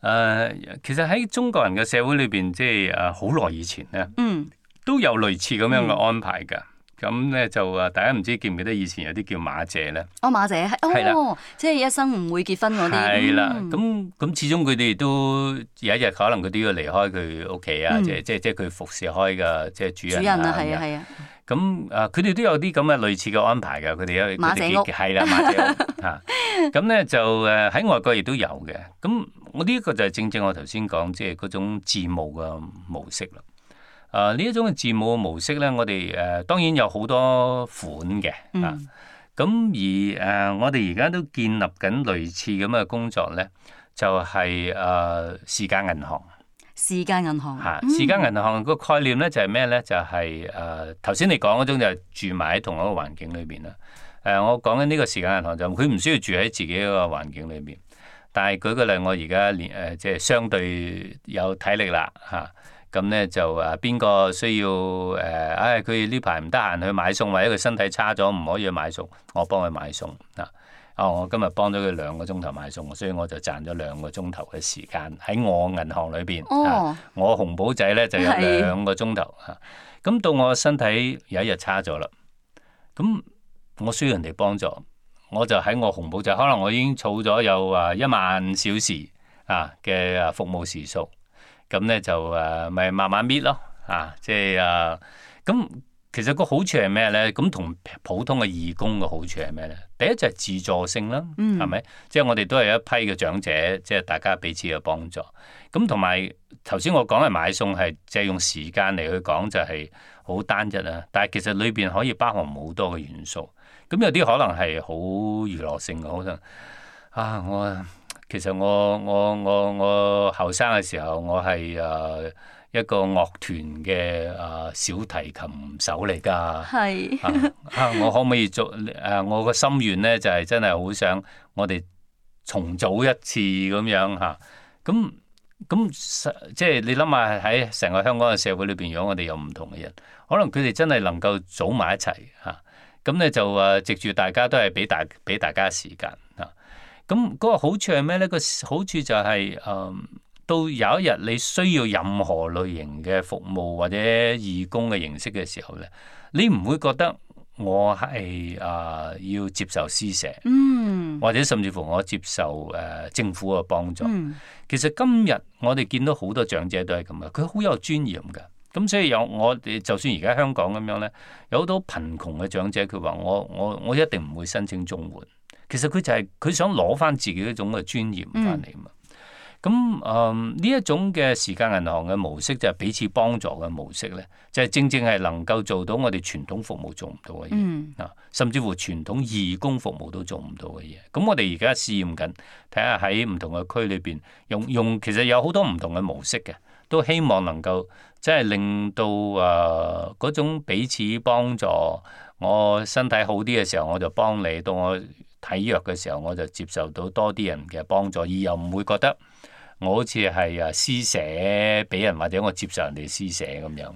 誒其實喺中國人嘅社會裏邊，即係誒好耐。呃以前咧，嗯，都有類似咁樣嘅安排㗎。咁咧就啊，大家唔知記唔記得以前有啲叫馬姐咧。哦，馬姐係係啦，即係一生唔會結婚嗰啲。係啦，咁咁始終佢哋都有一日可能佢都要離開佢屋企啊，即係即係即係佢服侍開嘅即係主人。主人啊，係啊係啊。咁啊，佢哋都有啲咁嘅類似嘅安排㗎。佢哋有馬姐屋係啦，馬姐屋嚇。咁咧就誒喺外國亦都有嘅。咁。我呢一個就係正正我頭先講即係嗰種字母嘅模式啦。啊、呃，呢一種嘅字母嘅模式咧，我哋誒、呃、當然有好多款嘅、嗯、啊。咁而誒、呃，我哋而家都建立緊類似咁嘅工作咧，就係、是、誒、呃、時間銀行。時間銀行。嚇，時間銀行個概念咧就係咩咧？嗯、就係誒頭先你講嗰種就住埋喺同一個環境裏邊啦。誒、呃，我講緊呢個時間銀行就佢唔需要住喺自己個環境裏邊。但係舉個例，我而家年誒即係相對有體力啦嚇，咁、啊、咧就誒邊個需要誒？唉、呃，佢呢排唔得閒去買餸，或者佢身體差咗唔可以去買餸，我幫佢買餸嗱、啊。哦，我今日幫咗佢兩個鐘頭買餸，所以我就賺咗兩個鐘頭嘅時間喺我銀行裏邊、哦啊。我紅簿仔咧就有兩個鐘頭嚇。咁是、啊、到我身體有一日差咗啦，咁、啊、我需要人哋幫助。我就喺我紅寶，就可能我已經儲咗有誒一萬小時啊嘅誒服務時數，咁咧就誒咪慢慢搣咯啊，即係誒咁其實個好處係咩咧？咁同普通嘅義工嘅好處係咩咧？第一就係自助性啦，係咪、嗯？即係、就是、我哋都係一批嘅長者，即、就、係、是、大家彼此嘅幫助。咁同埋頭先我講係買餸係即係用時間嚟去講就係好單一啦，但係其實裏邊可以包含好多嘅元素。咁有啲可能係好娛樂性嘅，好想啊！我其實我我我我後生嘅時候，我係啊一個樂團嘅啊小提琴手嚟㗎。係我可唔可以做？誒、啊，我個心願咧就係真係好想我哋重組一次咁樣嚇。咁、啊、咁即係你諗下喺成個香港嘅社會裏邊，如果我哋有唔同嘅人，可能佢哋真係能夠組埋一齊嚇。啊咁咧就誒，藉住大家都係俾大俾大家時間啊。咁、那、嗰個好處係咩咧？個好處就係、是、誒、呃，到有一日你需要任何類型嘅服務或者義工嘅形式嘅時候咧，你唔會覺得我係誒、呃、要接受施捨，嗯、或者甚至乎我接受誒、呃、政府嘅幫助。嗯、其實今日我哋見到好多長者都係咁嘅，佢好有尊嚴嘅。咁所以有我哋就算而家香港咁樣咧，有好多貧窮嘅長者，佢話我我我一定唔會申請綜援。其實佢就係佢想攞翻自己尊嚴、嗯呃、一種嘅尊嚴翻嚟啊！咁啊呢一種嘅時間銀行嘅模式就係彼此幫助嘅模式咧，就係、是、正正係能夠做到我哋傳統服務做唔到嘅嘢啊，嗯、甚至乎傳統義工服務都做唔到嘅嘢。咁我哋而家試驗緊，睇下喺唔同嘅區裏邊用用，用其實有好多唔同嘅模式嘅。都希望能夠即係令到誒、呃、嗰種彼此幫助。我身體好啲嘅時候，我就幫你；到我體弱嘅時候，我就接受到多啲人嘅幫助。而又唔會覺得我好似係誒施捨俾人，或者我接受人哋施捨咁樣。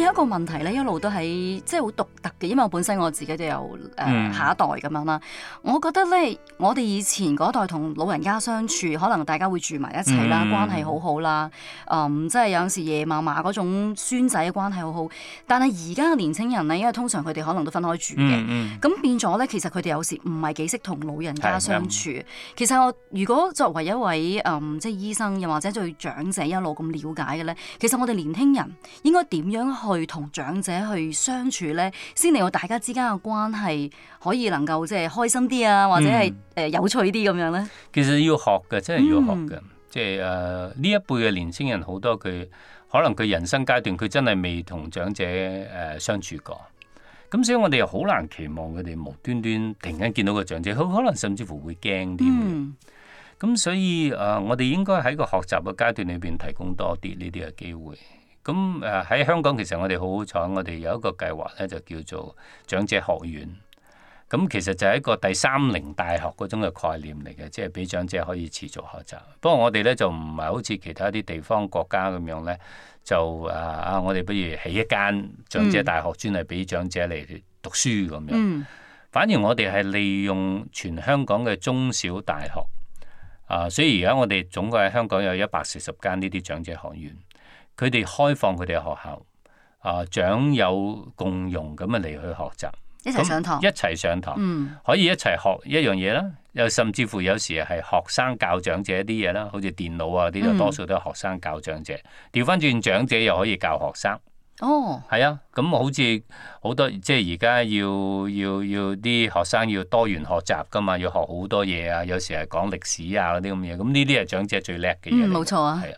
有一個問題咧，一路都係即係好獨特嘅，因為我本身我自己就有誒、呃嗯、下一代咁樣啦。我覺得咧，我哋以前嗰一代同老人家相處可能大家會住埋一齊啦，關係好好啦。嗯，嗯，嗯，即係有陣時爺嫲嫲，嗰種孫仔嘅關係好好。但係而家嘅年輕人呢，因為通常佢哋可能都分開住嘅，咁、嗯嗯、變咗咧，其實佢哋有時唔係幾識同老人家相處，嗯、其實我如果作為一位嗯即係醫生，又或者對長者一路咁了解嘅咧，其實我哋年輕人應該點樣。去同長者去相處咧，先令到大家之間嘅關係可以能夠即係開心啲啊，或者係誒有趣啲咁樣咧、嗯。其實要學嘅真係要學嘅，即係誒呢一輩嘅年青人好多佢可能佢人生階段佢真係未同長者誒、呃、相處過，咁所以我哋又好難期望佢哋無端端突然間見到個長者，佢可能甚至乎會驚啲嘅。咁、嗯、所以誒、呃、我哋應該喺個學習嘅階段裏邊提供多啲呢啲嘅機會。咁誒喺香港其實我哋好好彩，我哋有一個計劃咧，就叫做長者學院。咁其實就係一個第三齡大學嗰種嘅概念嚟嘅，即係俾長者可以持續學習。不過我哋咧就唔係好似其他啲地方國家咁樣咧，就誒啊！我哋不如起一間長者大學，專係俾長者嚟讀書咁樣。嗯，反而我哋係利用全香港嘅中小大學。啊，所以而家我哋總計香港有一百四十間呢啲長者學院。佢哋開放佢哋嘅學校，啊、呃、長幼共融咁啊嚟去學習，一齊上堂，一齊上堂，嗯、可以一齊學一樣嘢啦。又甚至乎有時係學生教長者一啲嘢啦，好似電腦啊啲，嗯、多數都係學生教長者。調翻轉長者又可以教學生。哦，係啊，咁好似好多即係而家要要要啲學生要多元學習㗎嘛，要學好多嘢啊。有時係講歷史啊嗰啲咁嘢，咁呢啲係長者最叻嘅嘢。冇、嗯、錯啊，係啊。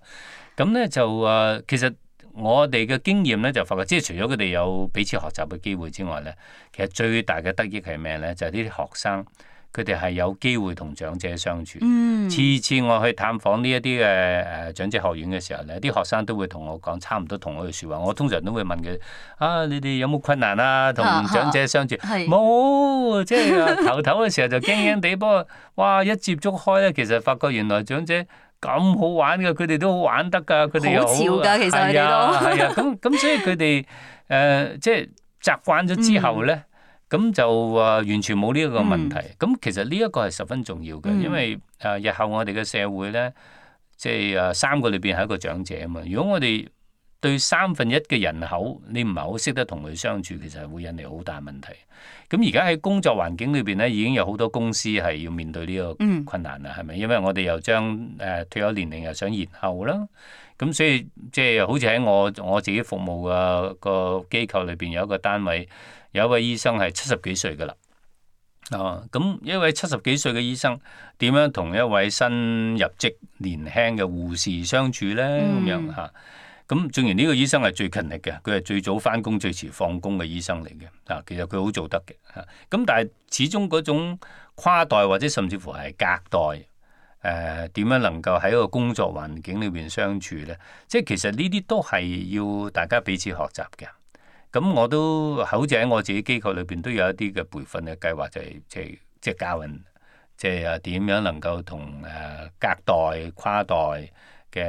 咁呢，就誒，其實我哋嘅經驗呢，就發覺，即係除咗佢哋有彼此學習嘅機會之外呢，其實最大嘅得益係咩呢？就係呢啲學生佢哋係有機會同長者相處。嗯、次次我去探訪呢一啲嘅誒長者學院嘅時候呢，啲學生都會同我講，差唔多同我嘅説話。我通常都會問佢：啊，你哋有冇困難啊？同長者相處冇，即係頭頭嘅時候就驚驚地。不過， (laughs) 哇！一接觸開呢，其實發覺原來長者。咁好玩嘅，佢哋都好玩得噶，佢哋又好，好潮噶，其實佢哋啊咁咁、 (laughs) 啊啊、所以佢哋誒即係習慣咗之後咧，咁 (laughs) 就話完全冇呢一個問題。咁 (laughs) 其實呢一個係十分重要嘅，因為誒、呃、日後我哋嘅社會咧，即係誒三個裏邊係一個長者啊嘛。如果我哋對三分一嘅人口，你唔係好識得同佢相處，其實會引嚟好大問題。咁而家喺工作環境裏邊呢，已經有好多公司係要面對呢個困難啦，係咪、嗯？因為我哋又將誒、呃、退休年齡又想延後啦。咁所以即係好似喺我我自己服務嘅個機構裏邊，有一個單位，有一位醫生係七十幾歲㗎喇。啊，咁一位七十幾歲嘅醫生點樣同一位新入職年輕嘅護士相處呢？咁、嗯、樣嚇。咁縱然呢個醫生係最勤力嘅，佢係最早翻工，最遲放工嘅醫生嚟嘅。啊，其實佢好做得嘅。嚇、啊，咁但係始終嗰種跨代或者甚至乎係隔代誒點、呃、樣能夠喺一個工作環境裏邊相處咧？即係其實呢啲都係要大家彼此學習嘅。咁、啊、我都好似喺我自己機構裏邊都有一啲嘅培訓嘅計劃，就係即係即係教人即係、就是、啊點樣能夠同誒隔代跨代。嘅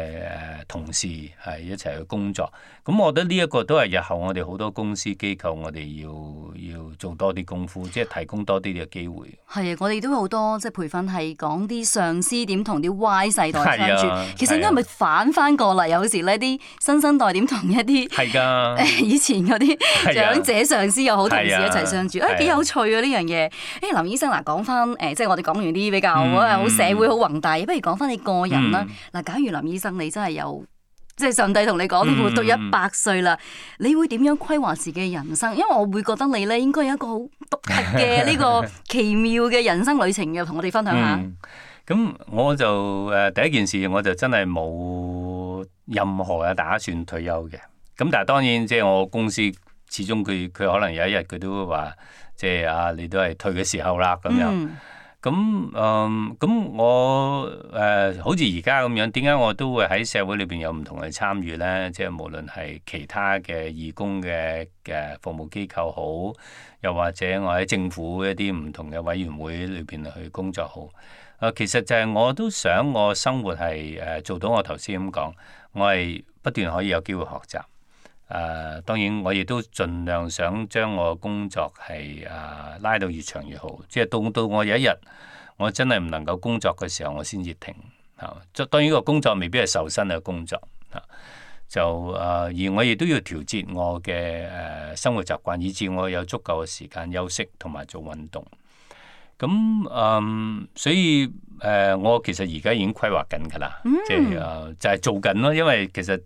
同事係一齊去工作，咁、嗯、我覺得呢一個都係日後我哋好多公司機構我，我哋要要做多啲功夫，即係提供多啲嘅機會。係啊，我哋都有好多即係、就是、培訓係講啲上司點同啲 Y 世代相處，其實應該係咪反翻過嚟？有時呢啲新生代點同一啲係㗎，的 (laughs) 以前嗰啲長者上司又好的同事一齊相處，啊幾有趣啊呢樣嘢。譬、哎、林醫生嗱，講翻誒，即係我哋講完啲比，比較好社會好宏大，不如講翻你個人啦。嗱、嗯，假如林。醫生，你真係有即係上帝同你講，會到一百歲啦。你會點、嗯、樣規劃自己嘅人生？因為我會覺得你咧應該有一個好獨特嘅呢個奇妙嘅人生旅程嘅，同我哋分享下。咁、嗯、我就誒第一件事，我就真係冇任何嘅打算退休嘅。咁但係當然即係我公司，始終佢佢可能有一日佢都會話，即係啊你都係退嘅時候啦咁樣。嗯咁誒咁我誒好似而家咁樣，點解我都會喺社會裏邊有唔同嘅參與呢？即係無論係其他嘅義工嘅嘅服務機構好，又或者我喺政府一啲唔同嘅委員會裏邊去工作好。誒，其實就係我都想我生活係誒做到我頭先咁講，我係不斷可以有機會學習。誒、呃，當然我亦都盡量想將我工作係誒、呃、拉到越長越好，即係到到我有一日我真係唔能夠工作嘅時候，我先至停吓。即、嗯、當然個工作未必係受薪嘅工作吓、嗯，就誒、呃、而我亦都要調節我嘅誒、呃、生活習慣，以致我有足夠嘅時間休息同埋做運動。咁嗯，嗯，所以誒、呃、我其實而家已經規劃緊噶啦，即係、嗯、就係、是呃就是、做緊咯，因為其實。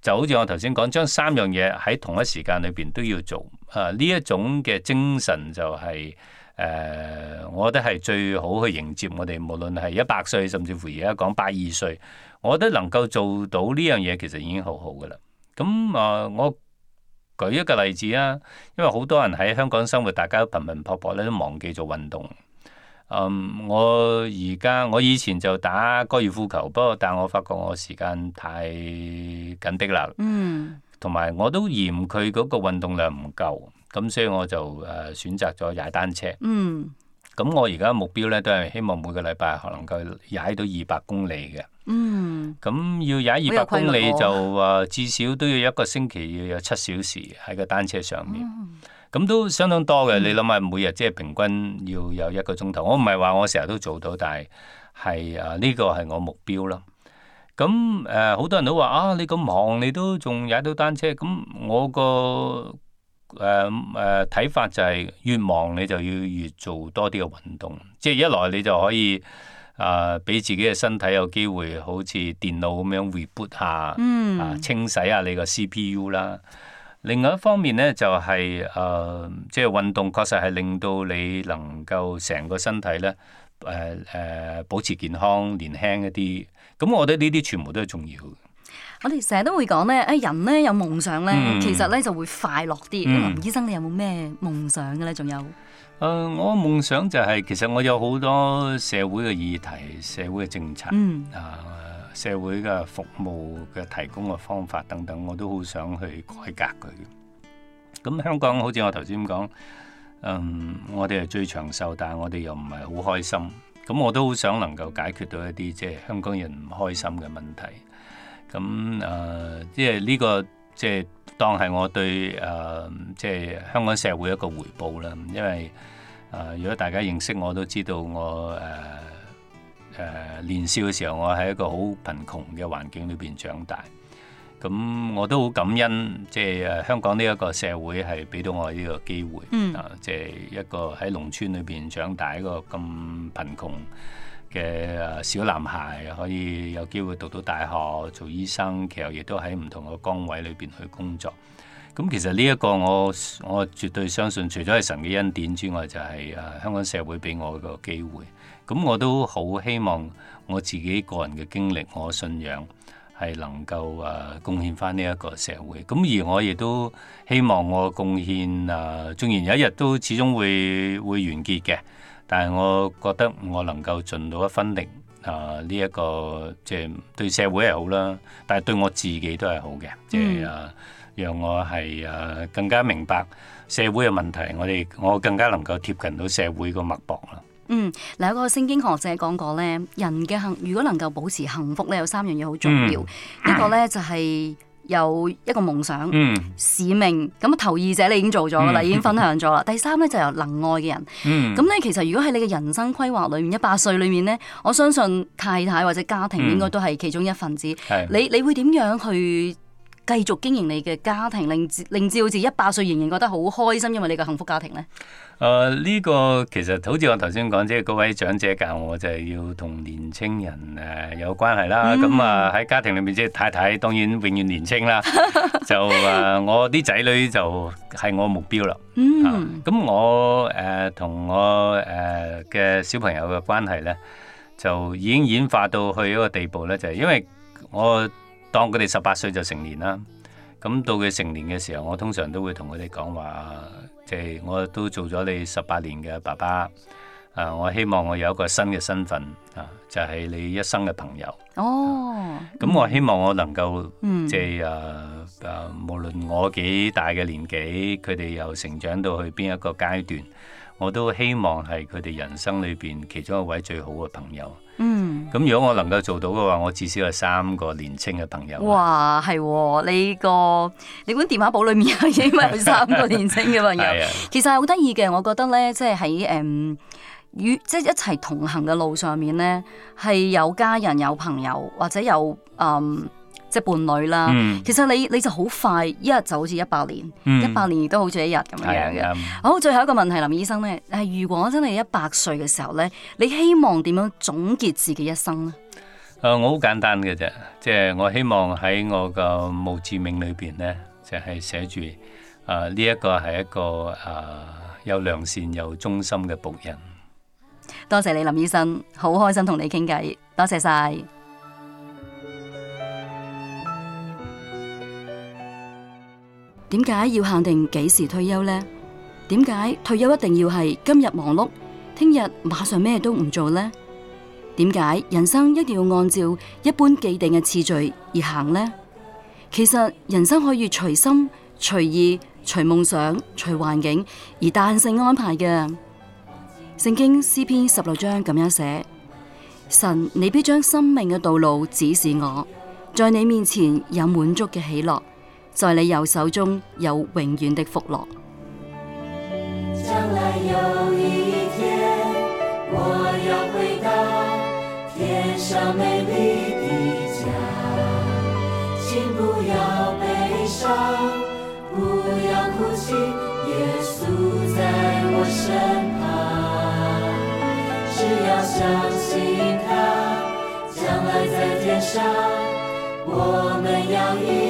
就好似我頭先講，將三樣嘢喺同一時間裏邊都要做，誒呢一種嘅精神就係、是、誒、呃，我覺得係最好去迎接我哋，無論係一百歲，甚至乎而家講百二歲，我覺得能夠做到呢樣嘢，其實已經好好㗎喇。咁啊、呃，我舉一個例子啊，因為好多人喺香港生活，大家都頻頻撲撲咧，都忘記做運動。嗯，um, 我而家我以前就打高爾夫球，不過但我發覺我的時間太緊迫啦，同埋、嗯、我都嫌佢嗰個運動量唔夠，咁所以我就誒、呃、選擇咗踩單車，嗯，咁我而家目標呢，都係希望每個禮拜可能夠踩到二百公里嘅，嗯，咁要踩二百公里就誒、呃、至少都要一個星期要有七小時喺個單車上面。嗯咁都相當多嘅，你諗下每日即係平均要有一個鐘頭。我唔係話我成日都做到，但係，係啊，呢個係我目標咯。咁誒好多人都話啊，你咁忙你都仲踩到單車。咁我個誒誒睇法就係越忙你就要越做多啲嘅運動。即係一來你就可以啊俾、呃、自己嘅身體有機會好似電腦咁樣 reboot 下，嗯、啊清洗下你個 CPU 啦。另外一方面咧，就係、是、誒、呃，即係運動，確實係令到你能夠成個身體咧，誒、呃、誒、呃、保持健康年輕一啲。咁我覺得呢啲全部都係重要。我哋成日都會講咧，誒人咧有夢想咧，嗯、其實咧就會快樂啲。嗯、林醫生，你有冇咩夢想嘅咧？仲有？誒、呃，我夢想就係、是、其實我有好多社會嘅議題、社會嘅政策。啊、嗯。社會嘅服務嘅提供嘅方法等等，我都好想去改革佢。咁香港好似我頭先講，嗯，我哋係最長壽，但係我哋又唔係好開心。咁我都好想能夠解決到一啲即係香港人唔開心嘅問題。咁誒，即係呢個即係、就是、當係我對誒即係香港社會一個回報啦。因為誒、呃，如果大家認識我，我都知道我誒。呃誒年少嘅時候，我喺一個好貧窮嘅環境裏邊長大，咁我都好感恩，即係香港呢一個社會係俾到我呢個機會，即係、嗯，啊，一個喺農村裏邊長大一個咁貧窮嘅小男孩，可以有機會讀到大學，做醫生，其實亦都喺唔同嘅崗位裏邊去工作。咁其實呢一個我我絕對相信，除咗係神嘅恩典之外，就係香港社會俾我個機會。咁我都好希望我自己個人嘅經歷，我信仰係能夠啊貢獻翻呢一個社會。咁而我亦都希望我貢獻啊，縱然有一日都始終會會完結嘅，但係我覺得我能夠盡到一分力啊，呢一個即係對社會係好啦，但係對我自己都係好嘅，即係，嗯，啊，讓我係啊更加明白社會嘅問題，我哋我更加能夠貼近到社會個脈搏啦。嗯，嗱，有個聖經學者講過咧，人嘅幸如果能夠保持幸福咧，有三樣嘢好重要。嗯、一個咧就係有一個夢想、嗯、使命。咁啊，頭二者你已經做咗噶啦，嗯、已經分享咗啦。第三咧就係能愛嘅人。嗯，咁咧其實如果喺你嘅人生規劃裏面，一百歲裏面咧，我相信太太或者家庭應該都係其中一份子。嗯、你你會點樣去？繼續經營你嘅家庭，令令至好似一百歲仍然覺得好開心，因為你嘅幸福家庭咧。誒、呃、呢、這個其實好似我頭先講啫，就是、各位長者教我就係要同年青人誒、呃、有關係啦。咁、嗯、啊喺家庭裏面，即係太太當然永遠年青啦。 (laughs) 就誒、啊，我啲仔女就係我目標啦。咁、嗯啊、我誒同、呃、我誒嘅、呃、小朋友嘅關係咧，就已經演化到去一個地步咧，就係、是、因為我。當佢哋十八歲就成年啦，咁到佢成年嘅時候，我通常都會同佢哋講話，即係我都做咗你十八年嘅爸爸，啊，我希望我有一個新嘅身份啊，就係你一生嘅朋友。哦，咁我希望我能夠，即係啊啊，無論我幾大嘅年紀，佢哋又成長到去邊一個階段。我都希望係佢哋人生裏邊其中一位最好嘅朋友。嗯，咁如果我能夠做到嘅話，我至少有三個年青嘅朋友。哇，係、哦，你個你本電話簿裏面已經有三個年青嘅朋友。 (laughs) 啊、其實係好得意嘅，我覺得呢，即係喺誒與即係一齊同行嘅路上面呢，係有家人、有朋友或者有嗯。Um, 即係伴侶啦，嗯、其實你你就好快一日就好似一百年，嗯、一百年亦都好似一日咁樣嘅。好，最後一個問題，林醫生呢，係如果真係一百歲嘅時候呢，你希望點樣總結自己一生咧？誒、呃，我好簡單嘅啫，即係我希望喺我個墓誌銘裏邊呢，就係寫住誒呢一個係一個誒有良善又忠心嘅僕人。多謝你，林醫生，好開心同你傾偈，多謝晒。點解要限定幾時退休呢？點解退休一定要係今日忙碌，聽日馬上咩都唔做呢？點解人生一定要按照一般既定嘅次序而行呢？其實人生可以隨心、隨意、隨夢想、隨環境而彈性安排嘅。聖經詩篇十六章咁樣寫：神，你必將生命嘅道路指示我，在你面前有滿足嘅喜樂。在你右手中有永遠的福樂。只要